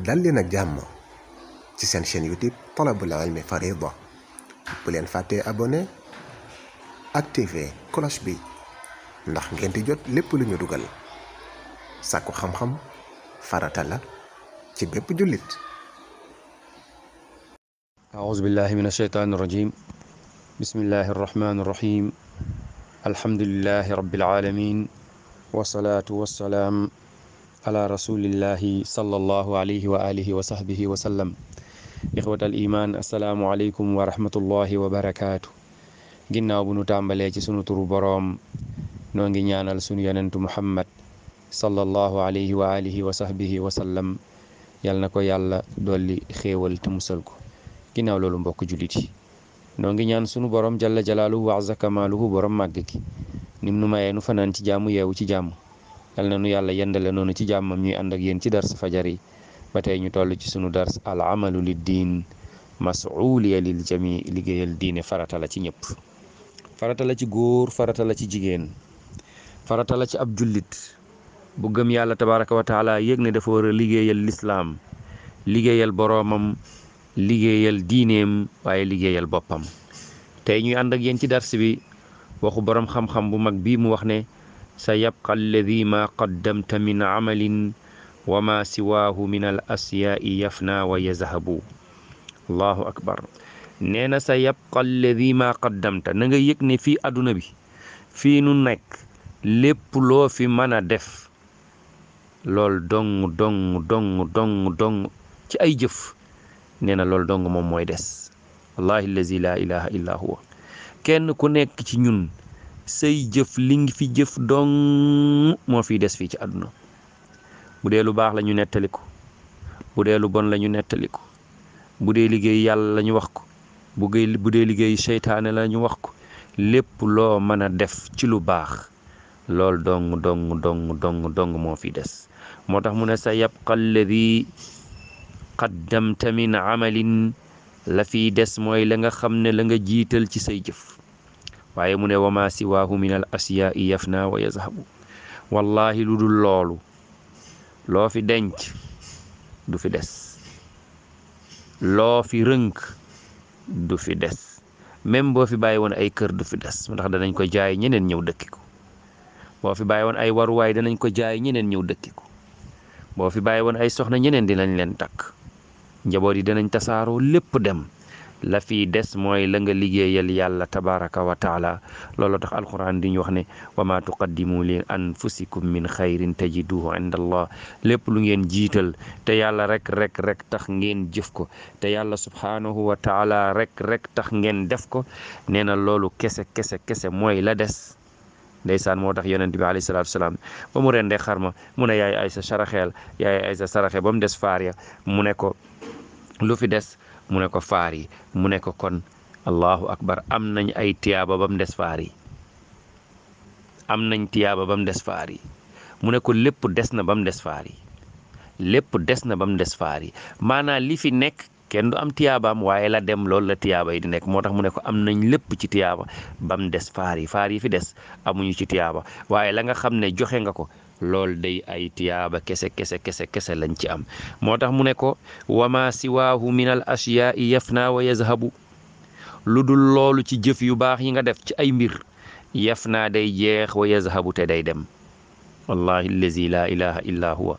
dal leen ak jàmm ci seen chaîne youtube talabul ilmi farida bu leen fàttee abonné activé cloche bi ndax ngeen jot lépp lu ñu dugal sàkku xam-xam farata la ci bépp jullit aouzu billahi min ashaytaani rajim bismillahi arrahmani arrahim alhamdulilahi rabbil alamin wasalaatu wasalaam ala rasulillahi sallallahu alayhi wa alihi wa sahbihi wa sallam ixwat al iman wa rahmatullahi wa barakaatu ginnaaw bu nu tàmbalee ci sunu turu boroom noo ngi ñaanal sunu yonentu muhammad sallallahu alayhi wa alihi wa sahbihi wa sallam yal na ko yàlla dolli xéewal te musal ko ginnaaw loolu mbokk jullit yi ngi ñaan sunu boroom jalla jalaaluhu wa azza kamaaluhu boroom màgg gi nim nu mayee nu fanaan ci jàmm yeewu ci jàmm yal na nu yàlla yendale noonu ci jàmmam ñuy ànd ak yéen ci dars fajar yi ba tey ñu toll ci sunu dars al amalu lid diin masuuliya jami liggéeyal diine farata la ci ñëpp farata la ci góor farata la ci jigéen faratala ci ab jullit bu gëm yàlla tabaraka wa taala yéeg ne dafa war a liggéeyal lislaam liggéeyal boroomam liggéeyal diineem waaye liggéeyal boppam tey ñuy ànd ak yéen ci dars bi waxu boroom xam-xam bu mag bii mu wax ne sa yabqa alladi ma qaddamta min amalin wa ma siwaahu min al asyaai yafna wa yazhabu allahu akbar nee na sa yabqa alladi ma qaddamta na nga yëg ne fii àdduna bi fii nu nekk lépp loo fi mën a def lool dong dong dong dong dong ci ay jëf nee na loolu dong moom mooy des wallahi allazi la ilaha illa huwa kenn ku nekk ci ñun say jëf li ngi fi jëf donn moo fiy des fii ci àdduna bu dee lu baax lañu ñu nettaliku bu dee lu bon lañu ñu nettaliku bu dee liggéey yàlla la wax ko bu dee bu dee liggéey seytaane la ñu wax ko lépp loo mën a def ci lu baax lool dong dong dong dong dong moo fi des moo tax mu ne sa yabqa alladi qaddamta min amalin la fi des mooy la nga xam ne la nga jiital ci say jëf waaye mu ne wama siwaahu min al asiyaa'i naa wa yazhabu wallahi lu dul loolu loo fi denc du fi des loo fi rënk du fi des même boo fi bàyyi woon ay kër du fi des ndax danañ ko jaay ñeneen ñëw dëkki ko boo fi bàyyi woon ay waruwaay danañ ko jaay ñeneen ñëw dëkki ko boo fi bàyyi woon ay soxna ñeneen dinañ leen takk njaboot yi danañ tasaaroo lépp dem la fii des mooy la nga liggéeyal yàlla tabaraka wa taala loolu tax alquran di ñu wax ne wa ma tuqaddimu li anfusikum min xayrin tajiduhu inda allah lépp lu ngeen jiital te yàlla rek rek rek tax ngeen jëf ko te yàlla subhaanahu wa taala rek rek tax ngeen def ko nee na loolu kese kese kese mooy la des saan moo tax yonent bi alayhi salaatu wasalaam ba mu rendee xar ma mu ne yaay ay sa saraxeel yaay ba mu des faar mu ne ko lu des mu ne ko faar yi mu ne ko kon allahu akbar am nañ ay tiyaaba ba mu des faar yi am nañ tiyaaba ba mu des faar yi mu ne lépp des na ba mu des faar yi lépp des na ba mu des faar yi maanaam li fi nekk kenn du am tiyaabaam waaye la dem loolu la tiyaaba yi di nekk moo tax mu ne ko am nañ lépp ci tiyaaba ba mu des faar yi faar yi fi des amuñu ci tiyaaba waaye la nga xam ne joxe nga ko lool day ay tiyaaba kese kese kese kese lañ ci am moo tax mu ne ko wama siwaahu min al ashyaai yafna wa yazhabu lu dul loolu ci jëf yu baax yi nga def ci ay mbir yafna day jeex wa yazhabu te day dem wallahi allazi la ilaha illa huwa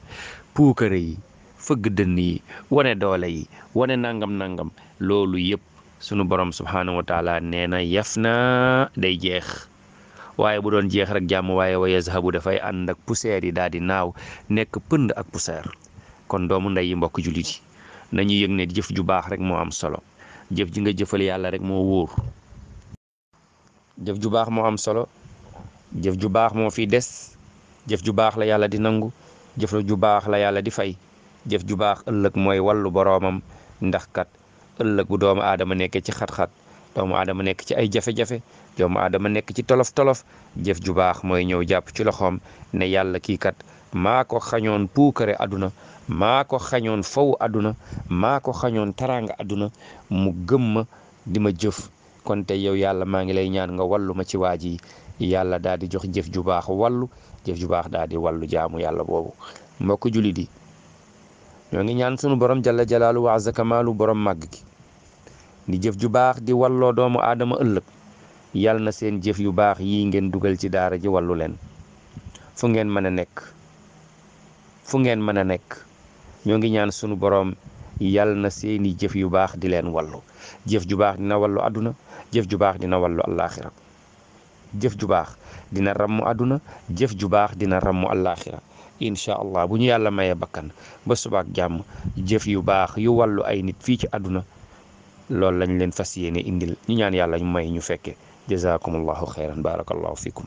yi fëgg dënn yi wane doole yi wane nangam nangam loolu yëpp sunu borom subhanahu wa taala nee na day jeex waaye bu doon jeex rek jàmm waaye wa yazhabu dafay ànd ak poussière yi daal di naaw nekk pënd ak poussière kon doomu ndey yi mbokk jullit yi nañu yëg ne jëf ju baax rek moo am solo jëf ji nga jëfal yàlla rek moo wóor jëf ju baax moo am solo jëf ju baax moo fi des jëf ju baax la yàlla di nangu jëf ju baax la yàlla di fay jëf ju baax ëllëg mooy wallu boroomam ndaxkat kat ëllëg bu doomu aadama nekkee ci xat-xat doomu aadama nekk ci ay jafe-jafe doomu aadama nekk ci tolof-tolof jëf ju baax mooy ñëw jàpp ci loxoom ne yàlla kii kat maa ko xañoon puukare àdduna maa ko xañoon faw àdduna maa ko xañoon taraanga àdduna mu gëm ma di ma jëf kon tey yow yàlla maa ngi lay ñaan nga wallu ma ci waa ji yàlla daal di jox jëf ju baax wallu jëf ju baax daal di wallu jaamu yàlla boobu mbokk jullit yi ñoo ngi ñaan sunu borom jalla jalaalu wa azza kamaalu borom màgg gi di jëf ju baax di walloo doomu aadama ëllëg yal na seen jëf yu baax yi ngeen dugal ci daara ji wàllu leen fu ngeen mën a nekk fu ngeen mën a nekk ñoo ngi ñaan sunu boroom yal na seeni jëf yu baax di leen wàllu jëf ju baax dina wàllu àdduna jëf ju baax dina wàllu allaaxira jëf ju baax dina ràmm àdduna jëf ju baax dina ràmm allaaxira incha allah bu ñu yàlla mayee bakkan ba subaak jàmm jëf yu baax yu wàllu ay nit fii ci àdduna loolu lañ leen fas yéene indil ñu ñaan yàlla ñu may ñu fekkee jazakumullahu xeyran barakallahu fikum